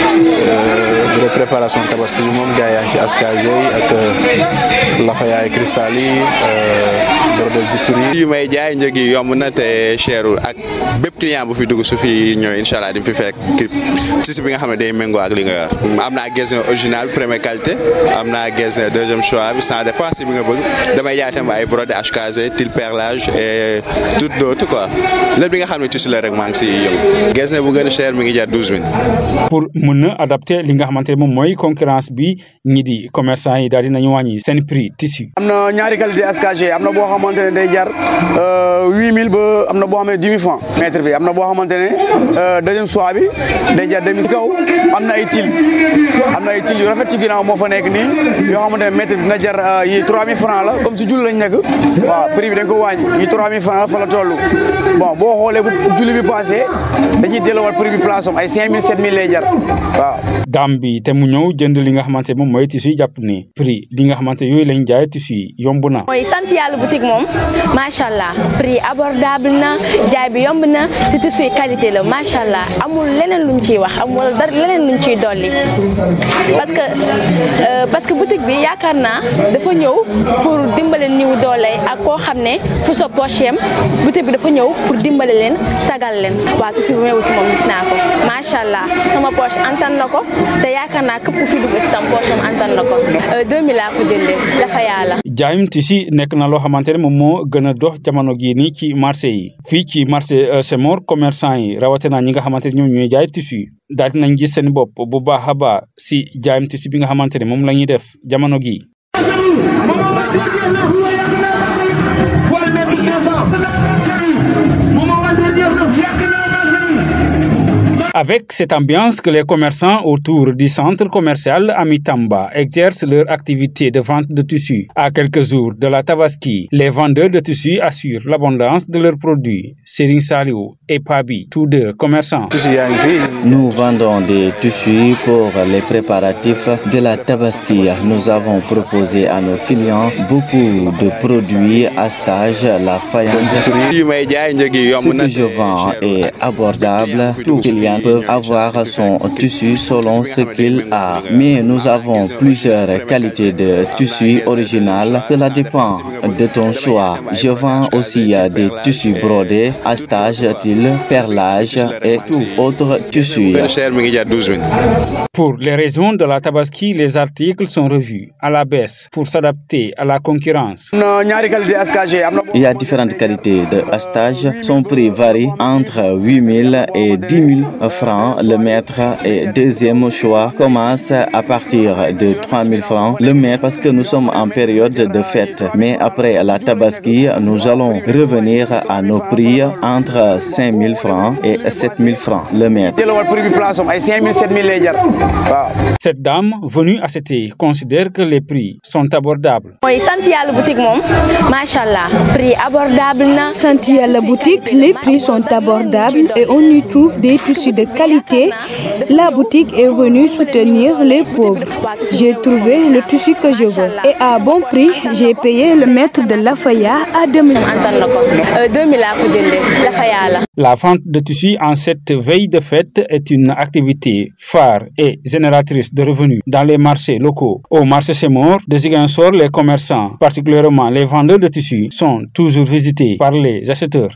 bu euh, dee préparation tabaski bi moom gars yaa si askage yi ak euh, lafa yaay cristal yi brodos euh, jipur yi yi may jaay njëg yomb na te cherul ak bépp client bu fi dugg su fi ñëw incha allah di fi bi nga xam ne méngoo ak li yor am naa gazon original première qualité am naa gazon deuxième choix bi sans dépense bi nga bëgg damay jaay tam ay brodé HKG til perlage et tout d'autre quoi lépp li nga xam ne tissu la rek maa ngi si yëngu gazon bu gën a cher mi ngi jaar douze mille mën na adapté li nga xamante moom mooy concurrence bi ñi di commerçant yi daal di nañu wàññi seen prix tissu. am na ñaari qualité SKG am na boo xamante ne jar euh, huit mille ba am na boo xam ne dix bi am na boo xamante ne euh, deuxième soie bi day jar kaw am na ay til am na ay til yu rafet ci ginnaaw moo fa nekk nii yoo xamante ne mètre bi dina jar euh, yi trois mille francs la comme si jul lañ nekk waaw prix bi dañ ko yi trois mille francs la fa la toll bon boo xoolee bu julli bi passé waaw. daam bi te mu ñëw jënd li nga xamante moom mooy tissu yi jàpp ni prix li nga xamante yooyu lañ jaay tissu yi yomb na. mooy sant yàlla boutique moom macha allah prix abordable na jaay bi yomb na te tissu yi qualité la macha allah amul leneen luñ ciy wax amul wala dara leneen luñ ciy dolli parce que euh, parce que boutique bi yaakaar naa dafa ñëw pour dimbale niw doole ak koo xam ne fu sa poche yem bi dafa ñëw pour dimbale leen sagal leen waaw tissu bi may wut moom naa ko antan na ko te yaakaar naa képp fi dugg itam poosam antan na ko 2000 euh, laa ko jëndee dafa yàlla. jaayum tisi nekk na loo xamante ne moom moo gën a dox jamono gii nii ci marché yi fii ci marché euh, Semor commerçant yi rawatina ñi nga xamante ni ñoom ñooy jaay tissu daal dinañ gis seen bopp bu baax a baax si jaayum tisi bi nga xamante ni moom la ñuy def jamono gii. Avec cette ambiance que les commerçants autour du centre commercial Amitamba exercent leur activité de vente de tissus. À quelques jours de la Tabaski, les vendeurs de tissus assurent l'abondance de leurs produits. Sering Salio et Pabi, tous deux commerçants. Nous vendons des tissus pour les préparatifs de la Tabaski. Nous avons proposé à nos clients beaucoup de produits à stage, la faïence. Ce que je vends est abordable peuvent avoir son tissu selon ce qu'il a. Mais nous avons plusieurs qualités de tissu original. Cela dépend de ton choix. Je vends aussi des tissus brodés, à stage, perlage et tout autre tissu. Pour les raisons de la tabaski, les articles sont revus à la baisse pour s'adapter à la concurrence. Il y a différentes qualités de stage. Son prix varie entre 8 000 et 10 000 francs. Le maître et deuxième choix commence à partir de 3000 francs. Le maître, parce que nous sommes en période de fête. Mais après la tabaski, nous allons revenir à nos prix entre 5000 francs et 7000 francs. Le maître. Cette dame venue à cette considère que les prix sont abordables. à la boutique, les prix sont abordables et on y trouve des tissus qualité, la boutique est venue soutenir les pauvres. J'ai trouvé le tissu que je veux et à bon prix, j'ai payé le maître de Lafaya à 2000 euh, La vente de tissus en cette veille de fête est une activité phare et génératrice de revenus dans les marchés locaux. Au marché Seymour de sort les commerçants, particulièrement les vendeurs de tissus, sont toujours visités par les acheteurs.